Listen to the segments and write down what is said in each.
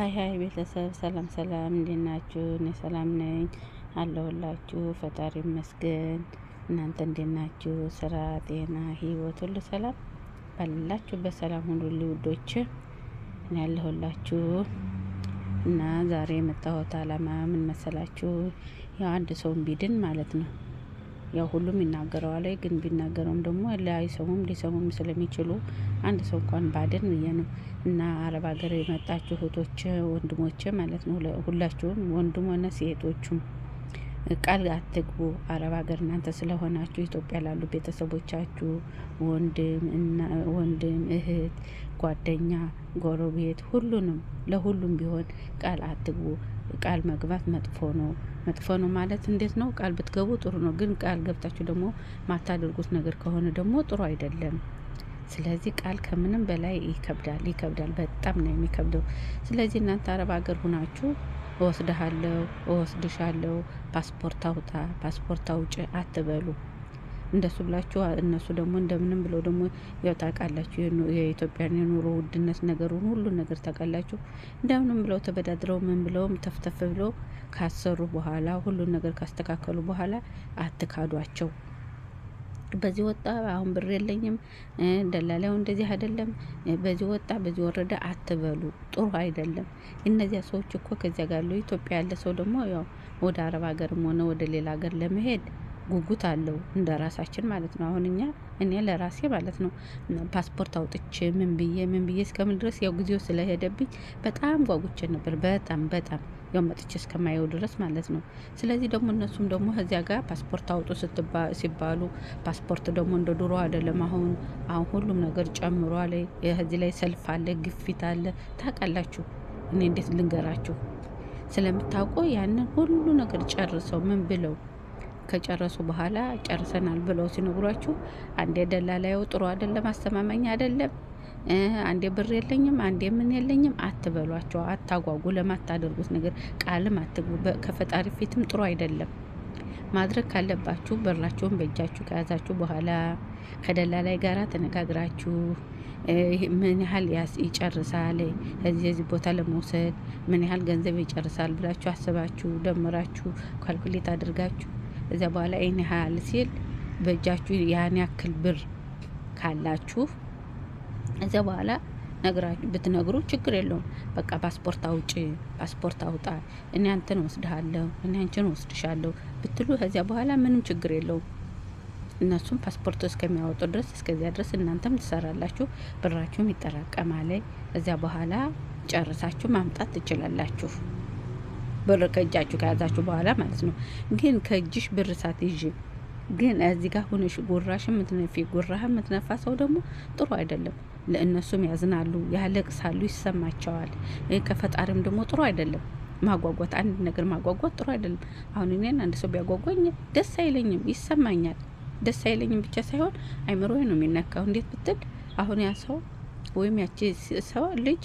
ሀይ ሀይ ቤተሰብ ሰላም ሰላም፣ እንዴት ናችሁ? እኔ ሰላም ነኝ አለሁላችሁ። ፈጣሪ ይመስገን። እናንተ እንዴት ናችሁ? ስራ፣ ጤና፣ ህይወት ሁሉ ሰላም ባላችሁ ሰላም ሁሉ ልውዶች እኔ አለሁላችሁ እና ዛሬ የመጣሁት አላማ ምን መሰላችሁ? ያው አንድ ሰውን ቢድን ማለት ነው ያው ሁሉም ይናገረዋል፣ ግን ቢናገረውም ደግሞ ላይሰሙም ሊሰሙም ስለሚችሉ አንድ ሰው እንኳን ባደን ብዬ ነው። እና አረብ ሀገር የመጣችሁ እህቶች ወንድሞች ማለት ነው ሁላችሁም ወንድም ሆነ ሴቶቹም ቃል አትግቡ። አረብ ሀገር እናንተ ስለሆናችሁ ኢትዮጵያ ላሉ ቤተሰቦቻችሁ፣ ወንድም ወንድም፣ እህት፣ ጓደኛ፣ ጎረቤት፣ ሁሉንም ለሁሉም ቢሆን ቃል አትግቡ። ቃል መግባት መጥፎ ነው። መጥፎ ነው ማለት እንዴት ነው? ቃል ብትገቡ ጥሩ ነው፣ ግን ቃል ገብታችሁ ደግሞ ማታደርጉት ነገር ከሆነ ደግሞ ጥሩ አይደለም። ስለዚህ ቃል ከምንም በላይ ይከብዳል፣ ይከብዳል፣ በጣም ነው የሚከብደው። ስለዚህ እናንተ አረብ ሀገር ሁናችሁ እወስድሃለሁ፣ እወስድሻለሁ፣ ፓስፖርት አውጣ፣ ፓስፖርት አውጭ አትበሉ። እንደሱ ብላችሁ እነሱ ደግሞ እንደምንም ብለው ደግሞ ያው ታውቃላችሁ፣ የኢትዮጵያን የኑሮ ውድነት ነገሩን ሁሉን ነገር ታውቃላችሁ። እንደምንም ብለው ተበዳድረው ምን ብለውም ተፍተፍ ብለው ካሰሩ በኋላ ሁሉን ነገር ካስተካከሉ በኋላ አትካዷቸው። በዚህ ወጣ፣ አሁን ብር የለኝም፣ ደላላው እንደዚህ አይደለም፣ በዚህ ወጣ፣ በዚህ ወረደ አትበሉ። ጥሩ አይደለም። እነዚያ ሰዎች እኮ ከዚያ ጋር ያለው ኢትዮጵያ ያለ ሰው ደግሞ ያው ወደ አረብ ሀገርም ሆነ ወደ ሌላ ሀገር ለመሄድ ጉጉት አለው እንደ ራሳችን ማለት ነው። አሁን እኛ እኔ ለራሴ ማለት ነው ፓስፖርት አውጥቼ ምን ብዬ ምን ብዬ እስከምን ድረስ ያው ጊዜው ስለሄደብኝ በጣም ጓጉቼ ነበር። በጣም በጣም ያው መጥቼ እስከማየው ድረስ ማለት ነው። ስለዚህ ደግሞ እነሱም ደግሞ ከዚያ ጋር ፓስፖርት አውጡ ሲባሉ ፓስፖርት ደግሞ እንደ ድሮ አይደለም። አሁን አሁን ሁሉም ነገር ጨምሯል። ከዚህ ላይ ሰልፍ አለ፣ ግፊት አለ። ታውቃላችሁ፣ እኔ እንዴት ልንገራችሁ ስለምታውቁ ያንን ሁሉ ነገር ጨርሰው ምን ብለው ከጨረሱ በኋላ ጨርሰናል ብለው ሲነግሯችሁ አንዴ ደላላየው ጥሩ አይደለም፣ አስተማማኝ አይደለም። አንዴ ብር የለኝም አንዴ ምን የለኝም አትበሏቸው። አታጓጉ ለማታደርጉት ነገር ቃልም አትግቡ። ከፈጣሪ ፊትም ጥሩ አይደለም። ማድረግ ካለባችሁ በራችሁን በእጃችሁ ከያዛችሁ በኋላ ከደላላይ ጋር ተነጋግራችሁ ምን ያህል ይጨርሳል፣ እዚህ የዚህ ቦታ ለመውሰድ ምን ያህል ገንዘብ ይጨርሳል ብላችሁ አስባችሁ ደምራችሁ ካልኩሌት አድርጋችሁ እዚያ በኋላ ይህን ያህል ሲል በእጃችሁ ያን ያክል ብር ካላችሁ እዚያ በኋላ ብትነግሩ ችግር የለውም። በቃ ፓስፖርት አውጪ፣ ፓስፖርት አውጣ፣ እኔ አንተን ወስድሃለሁ፣ እኔ አንቺን ወስድሻለሁ ብትሉ ከዚያ በኋላ ምንም ችግር የለውም። እነሱም ፓስፖርት እስከሚያወጡ ድረስ እስከዚያ ድረስ እናንተም ትሰራላችሁ፣ ብራችሁም ይጠራቀማል። እዚያ በኋላ ጨርሳችሁ ማምጣት ትችላላችሁ። ብር ከእጃችሁ ከያዛችሁ በኋላ ማለት ነው። ግን ከእጅሽ ብር ሳትይዥ ግን እዚህ ጋር ጉራሽ ምትነፊ ጉራህ ምትነፋ ሰው ደግሞ ጥሩ አይደለም። ለእነሱም ያዝናሉ፣ ያለቅሳሉ፣ ይሰማቸዋል። ከፈጣሪም ደግሞ ጥሩ አይደለም ማጓጓት፣ አንድ ነገር ማጓጓት ጥሩ አይደለም። አሁን እኔን አንድ ሰው ቢያጓጓኝ ደስ አይለኝም፣ ይሰማኛል። ደስ አይለኝም ብቻ ሳይሆን አይምሮ ነው የሚነካው። እንዴት ብትል አሁን ያ ሰው ወይም ያቺ ሰው ልጅ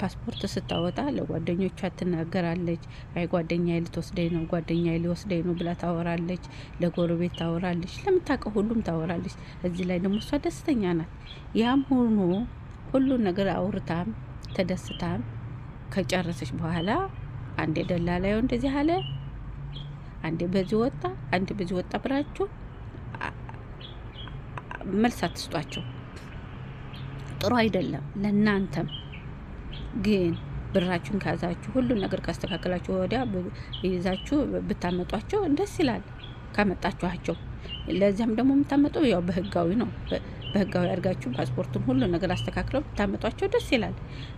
ፓስፖርት ስታወጣ ለጓደኞቿ ትናገራለች። አይ ጓደኛ ልትወስደኝ ነው፣ ጓደኛ ሊወስደኝ ነው ብላ ታወራለች። ለጎረቤት ታወራለች፣ ለምታውቀው ሁሉም ታወራለች። እዚህ ላይ ደግሞ እሷ ደስተኛ ናት። ያም ሆኖ ሁሉን ነገር አውርታም ተደስታም ከጨረሰች በኋላ አንዴ ደላላዩ እንደዚህ አለ፣ አንዴ በዚህ ወጣ፣ አንዴ በዚህ ወጣ ብላችሁ መልስ አትስጧቸው። ጥሩ አይደለም ለእናንተም ግን ብራችሁን ከያዛችሁ ሁሉን ነገር ካስተካከላችሁ ወዲያ ይዛችሁ ብታመጧቸው ደስ ይላል። ካመጣችኋቸው ለዚያም ደግሞ የምታመጠው ያው በህጋዊ ነው። በህጋዊ አድርጋችሁ ፓስፖርቱን ሁሉ ነገር አስተካክለው ብታመጧቸው ደስ ይላል።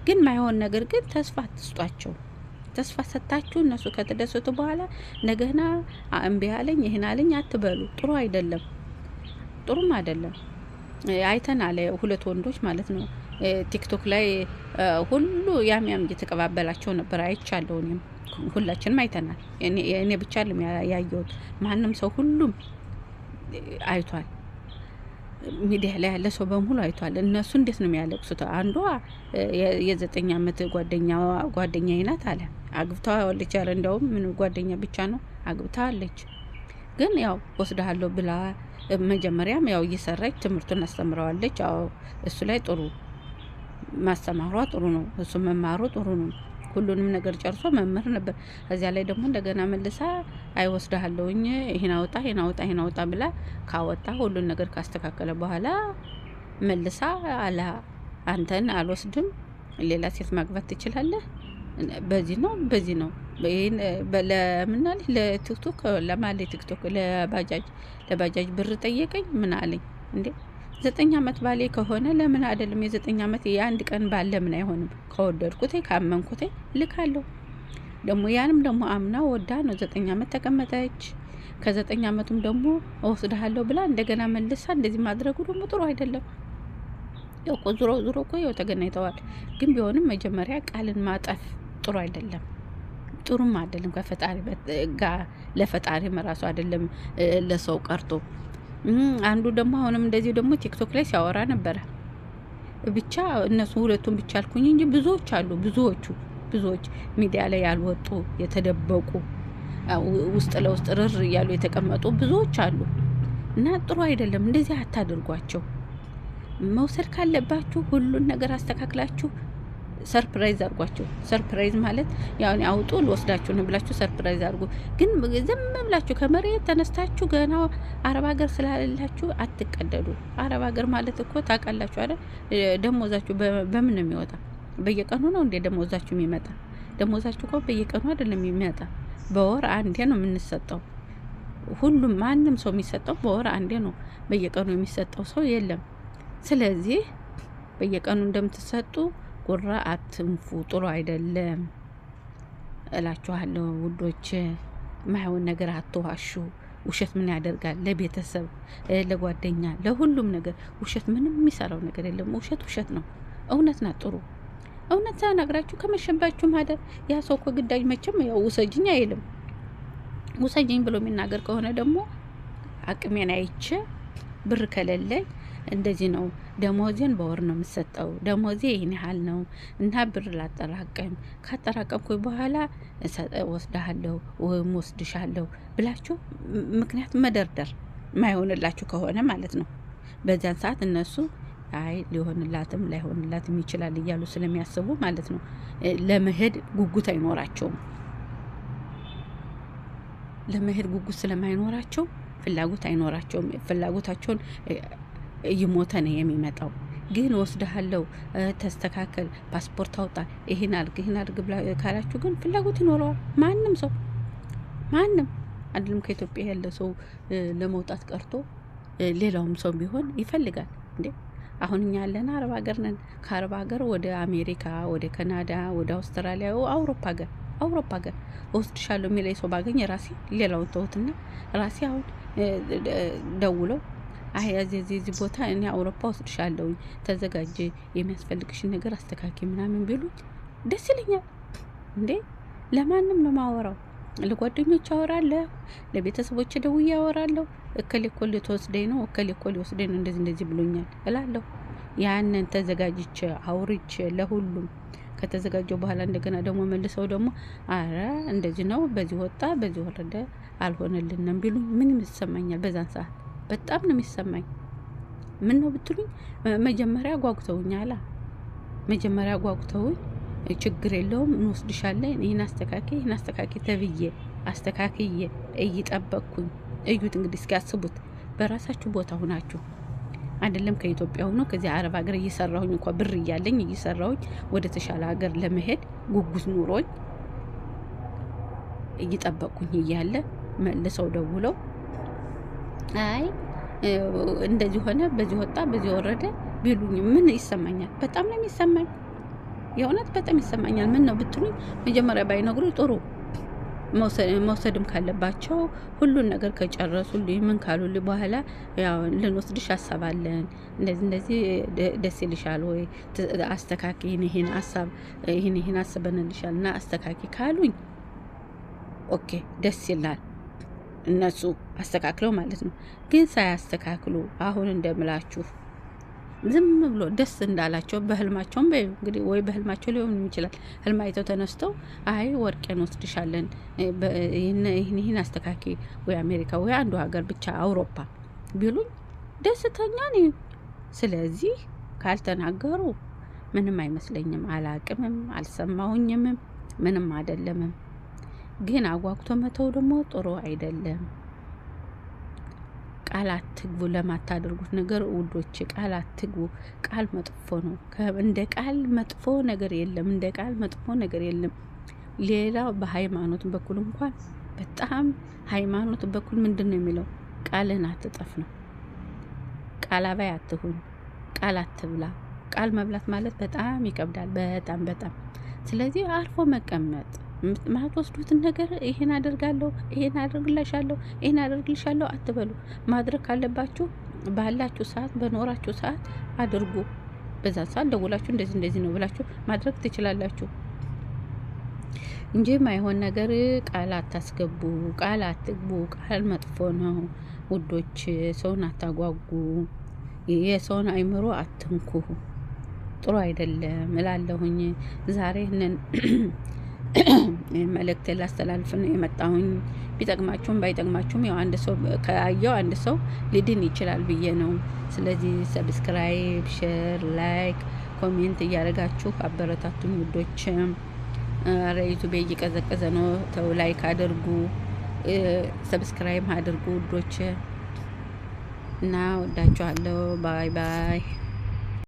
ግን ማይሆን ነገር ግን ተስፋ አትስጧቸው። ተስፋ ሰጥታችሁ እነሱ ከተደሰቱ በኋላ ነገህና እምቢ አለኝ ይህን አለኝ አትበሉ። ጥሩ አይደለም፣ ጥሩም አይደለም። አይተናል ሁለት ወንዶች ማለት ነው ቲክቶክ ላይ ሁሉ ያም ያም እየተቀባበላቸው ነበር። አይቻለሁ። እኔም ሁላችንም አይተናል። እኔ ብቻ አለም ያየሁት፣ ማንም ሰው ሁሉም አይቷል። ሚዲያ ላይ ያለ ሰው በሙሉ አይቷል። እነሱ እንዴት ነው የሚያለቅሱት? አንዷ የዘጠኝ ዓመት ጓደኛ ጓደኛ ይናት አለ አግብታ ዋለች ያለ እንዲያውም ምን ጓደኛ ብቻ ነው አግብታ አለች። ግን ያው ወስዳሃለሁ ብላ መጀመሪያም ያው እየሰራች ትምህርቱን አስተምረዋለች። አዎ እሱ ላይ ጥሩ ማስተማሯ ጥሩ ነው። እሱ መማሩ ጥሩ ነው። ሁሉንም ነገር ጨርሶ መምህር ነበር። እዚያ ላይ ደግሞ እንደገና መልሳ አይወስድሃለውኝ ይህን አውጣ ይህን አውጣ ይህን አውጣ ብላ ካወጣ ሁሉን ነገር ካስተካከለ በኋላ መልሳ አለ አንተን አልወስድም፣ ሌላ ሴት ማግባት ትችላለህ። በዚህ ነው በዚህ ነው ለምናል ለቲክቶክ ለማለ ቲክቶክ ለባጃጅ ለባጃጅ ብር ጠየቀኝ። ምን አለኝ እንዴ ዘጠኝ ዓመት ባሌ ከሆነ ለምን አይደለም የዘጠኝ ዓመት የአንድ ቀን ባል ለምን አይሆንም? ከወደድኩቴ ካመንኩቴ ልካለሁ። ደግሞ ያንም ደግሞ አምና ወዳ ነው ዘጠኝ ዓመት ተቀመጠች። ከዘጠኝ ዓመቱም ደግሞ እወስድሃለሁ ብላ እንደገና መልሳ እንደዚህ ማድረጉ ደግሞ ጥሩ አይደለም። ያው እኮ ዙሮ ዙሮ እኮ ያው ተገናኝተዋል። ግን ቢሆንም መጀመሪያ ቃልን ማጠፍ ጥሩ አይደለም፣ ጥሩም አይደለም። ከፈጣሪ ጋር ለፈጣሪም ራሱ አይደለም ለሰው ቀርቶ አንዱ ደግሞ አሁንም እንደዚሁ ደግሞ ቲክቶክ ላይ ሲያወራ ነበረ። ብቻ እነሱ ሁለቱን ብቻ አልኩኝ እንጂ ብዙዎች አሉ። ብዙዎቹ ብዙዎች ሚዲያ ላይ ያልወጡ የተደበቁ ውስጥ ለውስጥ ርር እያሉ የተቀመጡ ብዙዎች አሉ እና ጥሩ አይደለም። እንደዚህ አታድርጓቸው። መውሰድ ካለባችሁ ሁሉን ነገር አስተካክላችሁ ሰርፕራይዝ አድርጓቸው። ሰርፕራይዝ ማለት ያው አውጡ ልወስዳችሁ ነው ብላችሁ ሰርፕራይዝ አርጉ ግን ዝም ብላችሁ ከመሬት ተነስታችሁ ገና አረብ ሀገር ስላላችሁ አትቀደዱ። አረብ ሀገር ማለት እኮ ታውቃላችሁ አይደል? ደሞዛችሁ በምን ነው የሚወጣ? በየቀኑ ነው እንዴ ደሞዛችሁ የሚመጣ? ደሞዛችሁ እኮ በየቀኑ አይደለም የሚመጣ፣ በወር አንዴ ነው የምንሰጠው። ሁሉም ማንም ሰው የሚሰጠው በወር አንዴ ነው። በየቀኑ የሚሰጠው ሰው የለም። ስለዚህ በየቀኑ እንደምትሰጡ ጉራ አትንፉ፣ ጥሩ አይደለም እላችኋለሁ ውዶች። ማይሆን ነገር አትዋሹ። ውሸት ምን ያደርጋል? ለቤተሰብ፣ ለጓደኛ፣ ለሁሉም ነገር ውሸት ምንም የሚሰራው ነገር የለም። ውሸት ውሸት ነው። እውነት ናት ጥሩ እውነት ተናግራችሁ ከመሸባችሁ ማደ ያ ሰው እኮ ግዳጅ መቼም ያው ውሰጅኝ አይልም። ውሰጅኝ ብሎ የሚናገር ከሆነ ደግሞ አቅሜን አይቼ ብር ከሌለኝ እንደዚህ ነው ደሞዜን በወር ነው የምሰጠው፣ ደሞዜ ይህን ያህል ነው እና ብር ላጠራቀም ካጠራቀምኩኝ በኋላ ወስድሃለሁ ወይም ወስድሻለሁ ብላችሁ ምክንያት መደርደር ማይሆንላችሁ ከሆነ ማለት ነው። በዚያን ሰዓት እነሱ አይ ሊሆንላትም ላይሆንላትም ይችላል እያሉ ስለሚያስቡ ማለት ነው ለመሄድ ጉጉት አይኖራቸውም። ለመሄድ ጉጉት ስለማይኖራቸው ፍላጎት አይኖራቸውም። ፍላጎታቸውን እየሞተ ነው የሚመጣው። ግን ወስደሃለው፣ ተስተካከል፣ ፓስፖርት አውጣ፣ ይህን አድርግ፣ ይህን አድርግ ብላ ካላችሁ ግን ፍላጎት ይኖረዋል ማንም ሰው ማንም አንድም ከኢትዮጵያ ያለ ሰው ለመውጣት ቀርቶ ሌላውም ሰው ቢሆን ይፈልጋል እንዴ። አሁን እኛ ያለን አረብ ሀገር ነን። ከአረብ ሀገር ወደ አሜሪካ፣ ወደ ካናዳ፣ ወደ አውስትራሊያ፣ አውሮፓ ሀገር አውሮፓ ሀገር እወስድሻለሁ የሚለኝ ሰው ባገኝ ራሴ ሌላውን ተውትና ራሴ አሁን ደውለው አይ እዚህ ቦታ እኔ አውሮፓ ወስድሻለሁኝ ተዘጋጀ፣ የሚያስፈልግሽን ነገር አስተካኪ ምናምን ቢሉኝ ደስ ይለኛል። እንዴ ለማንም ነው ማወራው። ለጓደኞች አወራለሁ፣ ለቤተሰቦች ደውዬ አወራለሁ። እከሌ እኮ ልትወስደኝ ነው፣ እከሌ እኮ ሊወስደኝ ነው፣ እንደዚህ እንደዚህ ብሎኛል እላለሁ። ያንን ተዘጋጅቼ አውርቼ ለሁሉም ከተዘጋጀው በኋላ እንደገና ደግሞ መልሰው ደግሞ አረ እንደዚህ ነው፣ በዚህ ወጣ፣ በዚህ ወረደ፣ አልሆነልንም ቢሉኝ ምን ይሰማኛል በዛን ሰዓት? በጣም ነው የሚሰማኝ። ምን ነው ብትሉኝ፣ መጀመሪያ ጓጉተውኝ አላ መጀመሪያ ጓጉተውኝ ችግር የለውም እንወስድሻለን፣ ይህን አስተካኪ፣ ይህን አስተካኪ ተብዬ አስተካክዬ እየጠበቅኩኝ እዩት። እንግዲህ እስኪ አስቡት፣ በራሳችሁ ቦታ ሁናችሁ አይደለም ከኢትዮጵያ ሆኖ ከዚህ አረብ ሀገር እየሰራሁኝ እንኳ ብር እያለኝ እየሰራሁኝ ወደ ተሻለ ሀገር ለመሄድ ጉጉት ኑሮኝ እየጠበቅኩኝ እያለ መልሰው ደውለው አይ እንደዚህ ሆነ፣ በዚህ ወጣ፣ በዚህ ወረደ ቢሉኝ ምን ይሰማኛል? በጣም ነው የሚሰማኝ። የእውነት በጣም ይሰማኛል። ምን ነው ብትሉኝ መጀመሪያ ባይነግሩ ጥሩ መውሰድም ካለባቸው ሁሉን ነገር ከጨረሱልኝ ምን ካሉልኝ በኋላ ያው ልንወስድሽ አሳባለን እንደዚህ እንደዚህ ደስ ይልሻል ወይ አስተካኪ፣ ይህን ሀሳብ ይህን ይህን አስበንልሻል እና አስተካኪ ካሉኝ ኦኬ ደስ ይላል። እነሱ አስተካክለው ማለት ነው። ግን ሳያስተካክሉ አሁን እንደምላችሁ ዝም ብሎ ደስ እንዳላቸው በህልማቸውም እንግዲህ ወይ በህልማቸው ሊሆን ይችላል። ህልም አይተው ተነስተው አይ ወርቄን ወስድሻለን፣ ይህን አስተካኪ፣ ወይ አሜሪካ ወይ አንዱ ሀገር ብቻ አውሮፓ ቢሉኝ ደስተኛ ነኝ። ስለዚህ ካልተናገሩ ምንም አይመስለኝም፣ አላቅምም፣ አልሰማሁኝምም፣ ምንም አይደለምም። ግን አጓግቶ መተው ደግሞ ጥሩ አይደለም። ቃል አትግቡ ለማታደርጉት ነገር ውዶች፣ ቃል አትግቡ። ቃል መጥፎ ነው። እንደ ቃል መጥፎ ነገር የለም። እንደ ቃል መጥፎ ነገር የለም። ሌላ በሃይማኖት በኩል እንኳን በጣም ሃይማኖት በኩል ምንድን ነው የሚለው? ቃልን አትጠፍ ነው። ቃል አባይ አትሁን፣ ቃል አትብላ። ቃል መብላት ማለት በጣም ይከብዳል። በጣም በጣም ስለዚህ አርፎ መቀመጥ ማትወስዱትን ነገር ይሄን አደርጋለሁ፣ ይሄን አደርግላሻለሁ፣ ይሄን አደርግልሻለሁ አትበሉ። ማድረግ ካለባችሁ ባላችሁ ሰዓት፣ በኖራችሁ ሰዓት አድርጉ። በዛ ሰዓት ደውላችሁ እንደዚህ እንደዚህ ነው ብላችሁ ማድረግ ትችላላችሁ እንጂ ማይሆን ነገር ቃል አታስገቡ፣ ቃል አትግቡ። ቃል መጥፎ ነው ውዶች። ሰውን አታጓጉ፣ የሰውን አይምሮ አትንኩ። ጥሩ አይደለም እላለሁኝ ዛሬ መልእክት ላስተላልፍ ነው የመጣሁኝ። ቢጠቅማችሁም ባይጠቅማችሁም ያው አንድ ሰው ከያየው አንድ ሰው ሊድን ይችላል ብዬ ነው። ስለዚህ ሰብስክራይብ፣ ሼር፣ ላይክ፣ ኮሜንት እያደረጋችሁ አበረታቱኝ ውዶች። ኧረ ዩቱቤ እየቀዘቀዘ ነው። ተው ላይክ አድርጉ፣ ሰብስክራይብ አድርጉ ውዶች እና ወዳችኋለሁ። ባይ ባይ